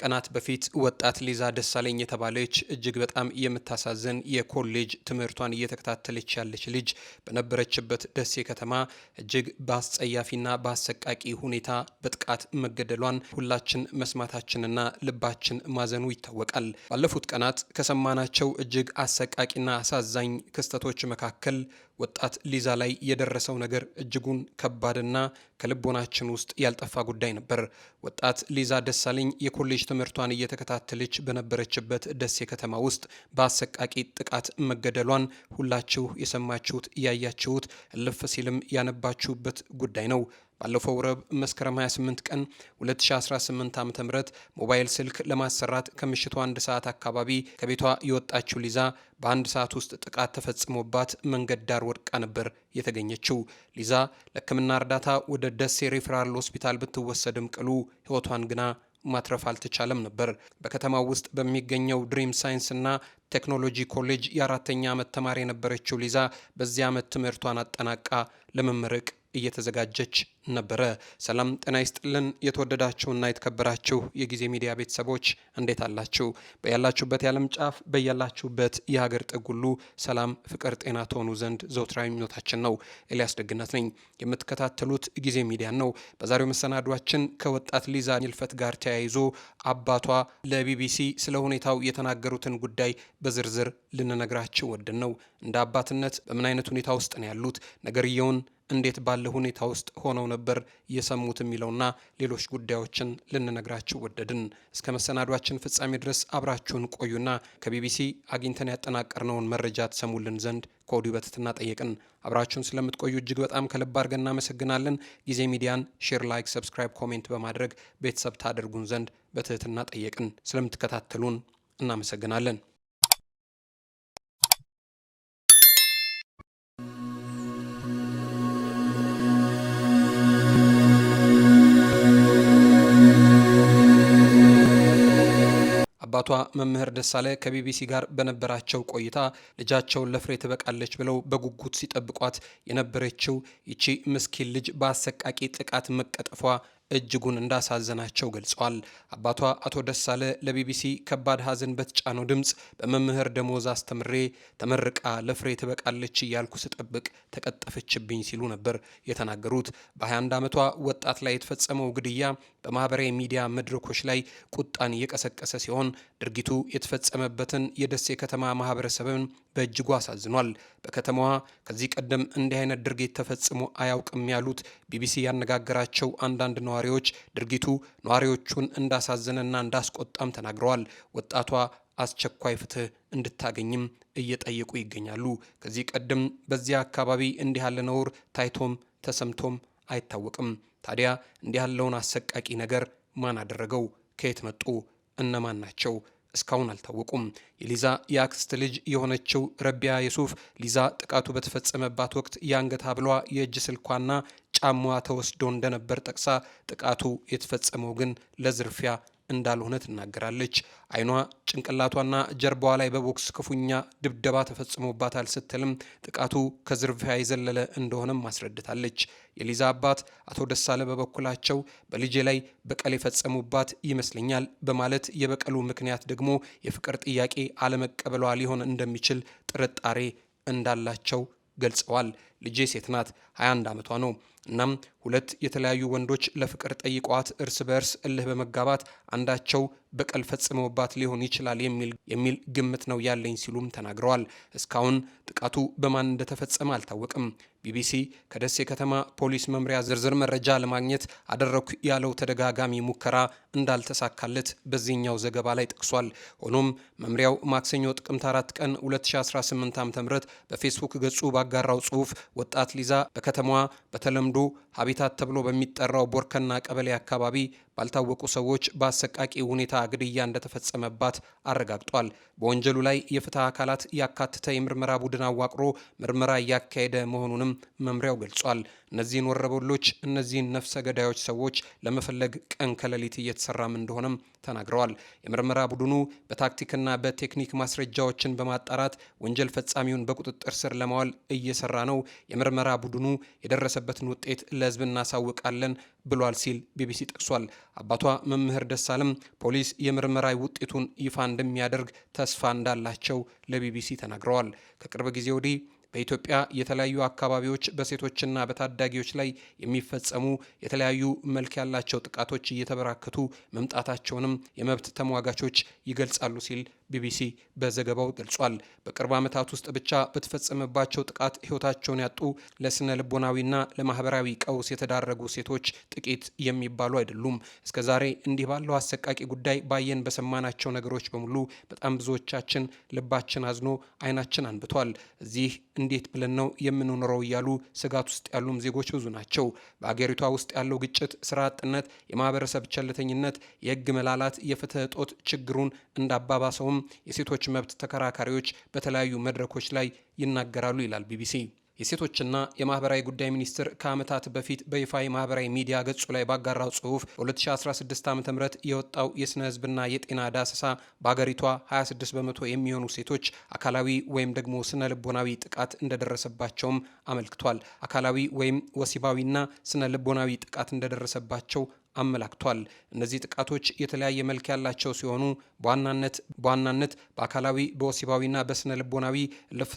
ቀናት በፊት ወጣት ሊዛ ደሳለኝ የተባለች እጅግ በጣም የምታሳዝን የኮሌጅ ትምህርቷን እየተከታተለች ያለች ልጅ በነበረችበት ደሴ ከተማ እጅግ በአስጸያፊና በአሰቃቂ ሁኔታ በጥቃት መገደሏን ሁላችን መስማታችንና ልባችን ማዘኑ ይታወቃል። ባለፉት ቀናት ከሰማናቸው እጅግ አሰቃቂና አሳዛኝ ክስተቶች መካከል ወጣት ሊዛ ላይ የደረሰው ነገር እጅጉን ከባድና ከልቦናችን ውስጥ ያልጠፋ ጉዳይ ነበር። ወጣት ሊዛ ደሳለኝ የኮሌጅ ትምህርቷን እየተከታተለች በነበረችበት ደሴ ከተማ ውስጥ በአሰቃቂ ጥቃት መገደሏን ሁላችሁ የሰማችሁት ያያችሁት፣ እልፍ ሲልም ያነባችሁበት ጉዳይ ነው። ባለፈው ረብ መስከረም 28 ቀን 2018 ዓ ም ሞባይል ስልክ ለማሰራት ከምሽቱ አንድ ሰዓት አካባቢ ከቤቷ የወጣችው ሊዛ በአንድ ሰዓት ውስጥ ጥቃት ተፈጽሞባት መንገድ ዳር ወድቃ ነበር የተገኘችው። ሊዛ ለሕክምና እርዳታ ወደ ደሴ ሪፈራል ሆስፒታል ብትወሰድም ቅሉ ሕይወቷን ግና ማትረፍ አልተቻለም ነበር። በከተማው ውስጥ በሚገኘው ድሪም ሳይንስና ቴክኖሎጂ ኮሌጅ የአራተኛ ዓመት ተማሪ የነበረችው ሊዛ በዚህ ዓመት ትምህርቷን አጠናቃ ለመመረቅ እየተዘጋጀች ነበረ። ሰላም ጤና ይስጥልን። የተወደዳችሁና የተከበራችሁ የጊዜ ሚዲያ ቤተሰቦች እንዴት አላችሁ? በያላችሁበት የዓለም ጫፍ በያላችሁበት የሀገር ጥግ ሁሉ ሰላም፣ ፍቅር፣ ጤና ትሆኑ ዘንድ ዘውትራዊ ምኞታችን ነው። ኤልያስ ደግነት ነኝ። የምትከታተሉት ጊዜ ሚዲያን ነው። በዛሬው መሰናዷችን ከወጣት ሊዛ ኒልፈት ጋር ተያይዞ አባቷ ለቢቢሲ ስለ ሁኔታው የተናገሩትን ጉዳይ በዝርዝር ልንነግራችሁ ወድን ነው። እንደ አባትነት በምን አይነት ሁኔታ ውስጥ ነው ያሉት? ነገርየውን እንዴት ባለ ሁኔታ ውስጥ ሆነው ነበር የሰሙት የሚለውና ሌሎች ጉዳዮችን ልንነግራችሁ ወደድን። እስከ መሰናዷችን ፍጻሜ ድረስ አብራችሁን ቆዩና ከቢቢሲ አግኝተን ያጠናቀርነውን መረጃ ትሰሙልን ዘንድ ከወዲሁ በትህትና ጠየቅን። አብራችሁን ስለምትቆዩ እጅግ በጣም ከልብ አድርገን እናመሰግናለን። ጊዜ ሚዲያን ሼር፣ ላይክ፣ ሰብስክራይብ፣ ኮሜንት በማድረግ ቤተሰብ ታደርጉን ዘንድ በትህትና ጠየቅን። ስለምትከታተሉን እናመሰግናለን። አባቷ መምህር ደሳለ ከቢቢሲ ጋር በነበራቸው ቆይታ ልጃቸውን ለፍሬ ትበቃለች ብለው በጉጉት ሲጠብቋት የነበረችው ይቺ ምስኪን ልጅ በአሰቃቂ ጥቃት መቀጠፏ እጅጉን እንዳሳዘናቸው ገልጸዋል። አባቷ አቶ ደሳለ ለቢቢሲ ከባድ ሀዘን በተጫነው ድምፅ በመምህር ደሞዝ አስተምሬ ተመርቃ ለፍሬ ትበቃለች እያልኩ ስጠብቅ ተቀጠፈችብኝ ሲሉ ነበር የተናገሩት። በ21 ዓመቷ ወጣት ላይ የተፈጸመው ግድያ በማህበራዊ ሚዲያ መድረኮች ላይ ቁጣን እየቀሰቀሰ ሲሆን ድርጊቱ የተፈጸመበትን የደሴ ከተማ ማህበረሰብን በእጅጉ አሳዝኗል። በከተማዋ ከዚህ ቀደም እንዲህ አይነት ድርጊት ተፈጽሞ አያውቅም ያሉት ቢቢሲ ያነጋገራቸው አንዳንድ ነዋሪ ነዋሪዎች ድርጊቱ ነዋሪዎቹን እንዳሳዘነና እንዳስቆጣም ተናግረዋል። ወጣቷ አስቸኳይ ፍትህ እንድታገኝም እየጠየቁ ይገኛሉ። ከዚህ ቀደም በዚያ አካባቢ እንዲህ ያለ ነውር ታይቶም ተሰምቶም አይታወቅም። ታዲያ እንዲህ ያለውን አሰቃቂ ነገር ማን አደረገው? ከየት መጡ? እነማን ናቸው? እስካሁን አልታወቁም። የሊዛ የአክስት ልጅ የሆነችው ረቢያ የሱፍ ሊዛ ጥቃቱ በተፈጸመባት ወቅት የአንገት ሀብሏ የእጅ ስልኳና ጫማዋ ተወስዶ እንደነበር ጠቅሳ ጥቃቱ የተፈጸመው ግን ለዝርፊያ እንዳልሆነ ትናገራለች። አይኗ ጭንቅላቷና ጀርባዋ ላይ በቦክስ ክፉኛ ድብደባ ተፈጽሞባታል ስትልም ጥቃቱ ከዝርፊያ የዘለለ እንደሆነም አስረድታለች። የሊዛ አባት አቶ ደሳለ በበኩላቸው በልጄ ላይ በቀል የፈጸሙባት ይመስለኛል በማለት የበቀሉ ምክንያት ደግሞ የፍቅር ጥያቄ አለመቀበሏ ሊሆን እንደሚችል ጥርጣሬ እንዳላቸው ገልጸዋል። ልጄ ሴት ናት፣ 21 ዓመቷ ነው። እናም ሁለት የተለያዩ ወንዶች ለፍቅር ጠይቋት እርስ በእርስ እልህ በመጋባት አንዳቸው በቀል ፈጽመውባት ሊሆን ይችላል የሚል ግምት ነው ያለኝ ሲሉም ተናግረዋል። እስካሁን ጥቃቱ በማን እንደተፈጸመ አልታወቅም። ቢቢሲ ከደሴ ከተማ ፖሊስ መምሪያ ዝርዝር መረጃ ለማግኘት አደረኩ ያለው ተደጋጋሚ ሙከራ እንዳልተሳካለት በዚህኛው ዘገባ ላይ ጠቅሷል። ሆኖም መምሪያው ማክሰኞ ጥቅምት 4 ቀን 2018 ዓ.ም በፌስቡክ ገጹ ባጋራው ጽሑፍ ወጣት ሊዛ በከተማዋ በተለምዶ ሀቢታት ተብሎ በሚጠራው ቦርከና ቀበሌ አካባቢ ባልታወቁ ሰዎች በአሰቃቂ ሁኔታ ግድያ እንደተፈጸመባት አረጋግጧል። በወንጀሉ ላይ የፍትህ አካላት ያካተተ የምርመራ ቡድን አዋቅሮ ምርመራ እያካሄደ መሆኑንም መምሪያው ገልጿል። እነዚህን ወረበሎች እነዚህን ነፍሰ ገዳዮች ሰዎች ለመፈለግ ቀን ከሌሊት እየተሰራም እንደሆነም ተናግረዋል። የምርመራ ቡድኑ በታክቲክና በቴክኒክ ማስረጃዎችን በማጣራት ወንጀል ፈጻሚውን በቁጥጥር ስር ለማዋል እየሰራ ነው። የምርመራ ቡድኑ የደረሰበትን ውጤት ለህዝብ እናሳውቃለን ብሏል ሲል ቢቢሲ ጠቅሷል። አባቷ መምህር ደሳለም ፖሊስ የምርመራ ውጤቱን ይፋ እንደሚያደርግ ተስፋ እንዳላቸው ለቢቢሲ ተናግረዋል። ከቅርብ ጊዜ ወዲህ በኢትዮጵያ የተለያዩ አካባቢዎች በሴቶችና በታዳጊዎች ላይ የሚፈጸሙ የተለያዩ መልክ ያላቸው ጥቃቶች እየተበራከቱ መምጣታቸውንም የመብት ተሟጋቾች ይገልጻሉ ሲል ቢቢሲ በዘገባው ገልጿል። በቅርብ ዓመታት ውስጥ ብቻ በተፈጸመባቸው ጥቃት ሕይወታቸውን ያጡ ለስነ ልቦናዊና ለማህበራዊ ቀውስ የተዳረጉ ሴቶች ጥቂት የሚባሉ አይደሉም። እስከዛሬ እንዲህ ባለው አሰቃቂ ጉዳይ ባየን በሰማናቸው ነገሮች በሙሉ በጣም ብዙዎቻችን ልባችን አዝኖ አይናችን አንብቷል። እዚህ እንዴት ብለን ነው የምንኖረው እያሉ ስጋት ውስጥ ያሉም ዜጎች ብዙ ናቸው። በአገሪቷ ውስጥ ያለው ግጭት፣ ስራ አጥነት፣ የማህበረሰብ ቸልተኝነት፣ የህግ መላላት፣ የፍትህ እጦት ችግሩን እንዳባባሰውም እንደሚሉም የሴቶች መብት ተከራካሪዎች በተለያዩ መድረኮች ላይ ይናገራሉ ይላል ቢቢሲ። የሴቶችና የማህበራዊ ጉዳይ ሚኒስትር ከዓመታት በፊት በይፋ የማህበራዊ ሚዲያ ገጹ ላይ ባጋራው ጽሁፍ በ2016 ዓ ም የወጣው የሥነ ህዝብና የጤና ዳሰሳ በአገሪቷ 26 በመቶ የሚሆኑ ሴቶች አካላዊ ወይም ደግሞ ስነ ልቦናዊ ጥቃት እንደደረሰባቸውም አመልክቷል። አካላዊ ወይም ወሲባዊና ስነ ልቦናዊ ጥቃት እንደደረሰባቸው አመላክቷል። እነዚህ ጥቃቶች የተለያየ መልክ ያላቸው ሲሆኑ በዋናነት በዋናነት በአካላዊ በወሲባዊና በስነ ልቦናዊ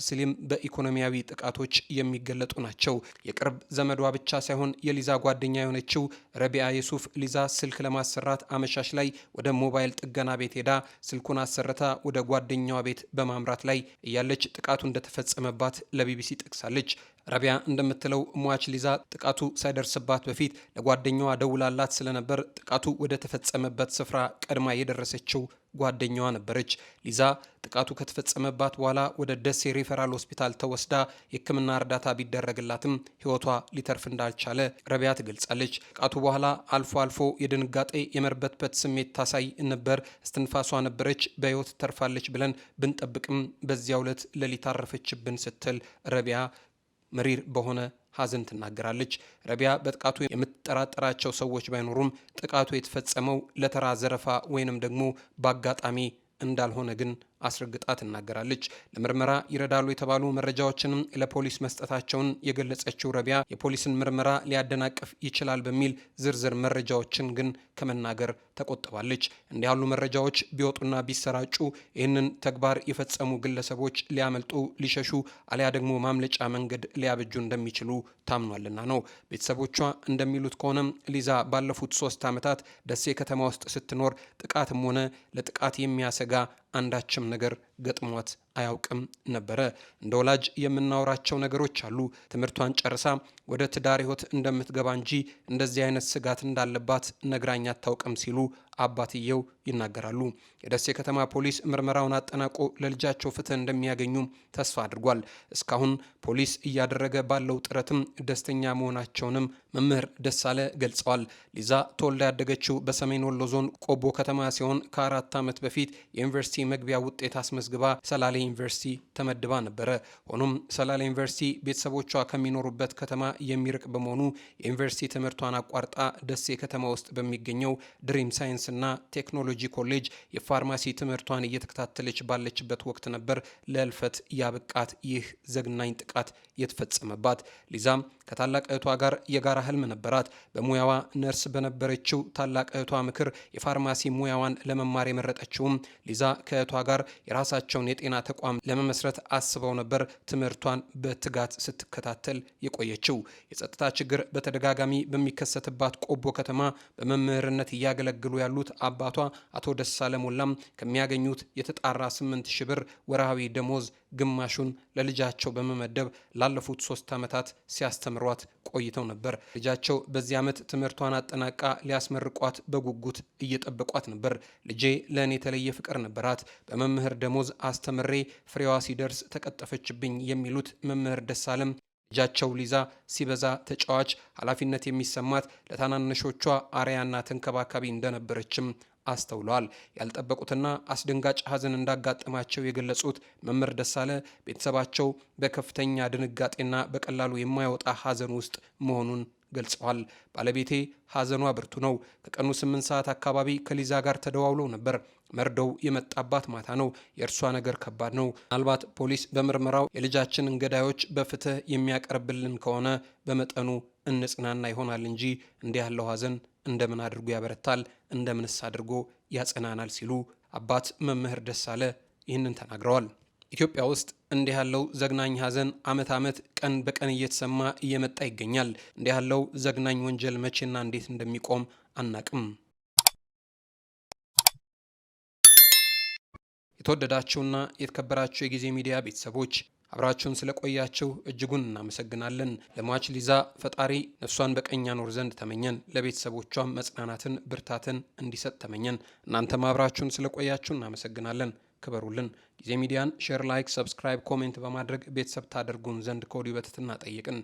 ሲልም በኢኮኖሚያዊ ጥቃቶች የሚገለጡ ናቸው። የቅርብ ዘመዷ ብቻ ሳይሆን የሊዛ ጓደኛ የሆነችው ረቢያ የሱፍ ሊዛ ስልክ ለማሰራት አመሻሽ ላይ ወደ ሞባይል ጥገና ቤት ሄዳ ስልኩን አሰርታ ወደ ጓደኛዋ ቤት በማምራት ላይ እያለች ጥቃቱ እንደተፈጸመባት ለቢቢሲ ጠቅሳለች። ረቢያ እንደምትለው ሟች ሊዛ ጥቃቱ ሳይደርስባት በፊት ለጓደኛዋ ደውላላት ስለነበር ጥቃቱ ወደ ተፈጸመበት ስፍራ ቀድማ የደረሰችው ጓደኛዋ ነበረች። ሊዛ ጥቃቱ ከተፈጸመባት በኋላ ወደ ደሴ ሪፈራል ሆስፒታል ተወስዳ የሕክምና እርዳታ ቢደረግላትም ሕይወቷ ሊተርፍ እንዳልቻለ ረቢያ ትገልጻለች። ጥቃቱ በኋላ አልፎ አልፎ የድንጋጤ የመርበትበት ስሜት ታሳይ ነበር። እስትንፋሷ ነበረች። በሕይወት ተርፋለች ብለን ብንጠብቅም በዚያው ዕለት ሌሊት አረፈችብን ስትል ረቢያ መሪር በሆነ ሐዘን ትናገራለች። ረቢያ በጥቃቱ የምትጠራጠራቸው ሰዎች ባይኖሩም ጥቃቱ የተፈጸመው ለተራ ዘረፋ ወይንም ደግሞ በአጋጣሚ እንዳልሆነ ግን አስረግጣ ትናገራለች። ለምርመራ ይረዳሉ የተባሉ መረጃዎችንም ለፖሊስ መስጠታቸውን የገለጸችው ረቢያ የፖሊስን ምርመራ ሊያደናቅፍ ይችላል በሚል ዝርዝር መረጃዎችን ግን ከመናገር ተቆጥባለች። እንዲህ ያሉ መረጃዎች ቢወጡና ቢሰራጩ ይህንን ተግባር የፈጸሙ ግለሰቦች ሊያመልጡ፣ ሊሸሹ አሊያ ደግሞ ማምለጫ መንገድ ሊያበጁ እንደሚችሉ ታምኗልና ነው። ቤተሰቦቿ እንደሚሉት ከሆነም ሊዛ ባለፉት ሶስት ዓመታት ደሴ ከተማ ውስጥ ስትኖር ጥቃትም ሆነ ለጥቃት የሚያሰጋ አንዳችም ነገር ገጥሟት አያውቅም ነበረ። እንደ ወላጅ የምናወራቸው ነገሮች አሉ። ትምህርቷን ጨርሳ ወደ ትዳር ህይወት እንደምትገባ እንጂ እንደዚህ አይነት ስጋት እንዳለባት ነግራኝ አታውቅም ሲሉ አባትየው ይናገራሉ። የደሴ ከተማ ፖሊስ ምርመራውን አጠናቆ ለልጃቸው ፍትህ እንደሚያገኙ ተስፋ አድርጓል። እስካሁን ፖሊስ እያደረገ ባለው ጥረትም ደስተኛ መሆናቸውንም መምህር ደሳለ ገልጸዋል። ሊዛ ተወልዳ ያደገችው በሰሜን ወሎ ዞን ቆቦ ከተማ ሲሆን ከአራት ዓመት በፊት የዩኒቨርሲቲ መግቢያ ውጤት አስመ ተመዝግባ ሰላሌ ዩኒቨርሲቲ ተመድባ ነበረ። ሆኖም ሰላሌ ዩኒቨርሲቲ ቤተሰቦቿ ከሚኖሩበት ከተማ የሚርቅ በመሆኑ የዩኒቨርሲቲ ትምህርቷን አቋርጣ ደሴ ከተማ ውስጥ በሚገኘው ድሪም ሳይንስና ቴክኖሎጂ ኮሌጅ የፋርማሲ ትምህርቷን እየተከታተለች ባለችበት ወቅት ነበር ለእልፈት ያብቃት ይህ ዘግናኝ ጥቃት የተፈጸመባት። ሊዛም ከታላቅ እህቷ ጋር የጋራ ህልም ነበራት። በሙያዋ ነርስ በነበረችው ታላቅ እህቷ ምክር የፋርማሲ ሙያዋን ለመማር የመረጠችውም ሊዛ ከእህቷ ጋር የራሳ የራሳቸውን የጤና ተቋም ለመመስረት አስበው ነበር ትምህርቷን በትጋት ስትከታተል የቆየችው። የጸጥታ ችግር በተደጋጋሚ በሚከሰትባት ቆቦ ከተማ በመምህርነት እያገለግሉ ያሉት አባቷ አቶ ደሳለ ሞላም ከሚያገኙት የተጣራ ስምንት ሺ ብር ወርሃዊ ደሞዝ ግማሹን ለልጃቸው በመመደብ ላለፉት ሶስት ዓመታት ሲያስተምሯት ቆይተው ነበር። ልጃቸው በዚህ ዓመት ትምህርቷን አጠናቃ ሊያስመርቋት በጉጉት እየጠበቋት ነበር። ልጄ ለእኔ የተለየ ፍቅር ነበራት። በመምህር ደሞዝ አስተምሬ ፍሬዋ ሲደርስ ተቀጠፈችብኝ የሚሉት መምህር ደሳለም ልጃቸው ሊዛ ሲበዛ ተጫዋች፣ ኃላፊነት የሚሰማት ለታናነሾቿ አርያና ተንከባካቢ እንደነበረችም አስተውለዋል። ያልጠበቁትና አስደንጋጭ ሀዘን እንዳጋጠማቸው የገለጹት መምህር ደሳለ ቤተሰባቸው በከፍተኛ ድንጋጤና በቀላሉ የማይወጣ ሀዘን ውስጥ መሆኑን ገልጸዋል። ባለቤቴ ሀዘኗ ብርቱ ነው። ከቀኑ ስምንት ሰዓት አካባቢ ከሊዛ ጋር ተደዋውለው ነበር። መርዶው የመጣባት ማታ ነው። የእርሷ ነገር ከባድ ነው። ምናልባት ፖሊስ በምርመራው የልጃችንን ገዳዮች በፍትህ የሚያቀርብልን ከሆነ በመጠኑ እንጽናና ይሆናል እንጂ እንዲህ ያለው ሀዘን እንደምን አድርጎ ያበረታል፣ እንደምንስ አድርጎ ያጸናናል ሲሉ አባት መምህር ደሳለ ይህንን ተናግረዋል። ኢትዮጵያ ውስጥ እንዲህ ያለው ዘግናኝ ሐዘን ዓመት ዓመት ቀን በቀን እየተሰማ እየመጣ ይገኛል። እንዲህ ያለው ዘግናኝ ወንጀል መቼና እንዴት እንደሚቆም አናቅም። የተወደዳችሁና የተከበራችሁ የጊዜ ሚዲያ ቤተሰቦች አብራችሁን ስለቆያችሁ እጅጉን እናመሰግናለን። ለሟች ሊዛ ፈጣሪ ነፍሷን በቀኝ ያኖር ዘንድ ተመኘን። ለቤተሰቦቿም መጽናናትን፣ ብርታትን እንዲሰጥ ተመኘን። እናንተም አብራችሁን ስለቆያችሁ እናመሰግናለን። ክበሩልን። ጊዜ ሚዲያን ሼር፣ ላይክ፣ ሰብስክራይብ፣ ኮሜንት በማድረግ ቤተሰብ ታደርጉን ዘንድ ከወዲሁ በትህትና ጠይቅን።